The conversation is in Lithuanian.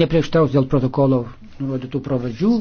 neprieštaus dėl protokolo nurodytų pravardžių.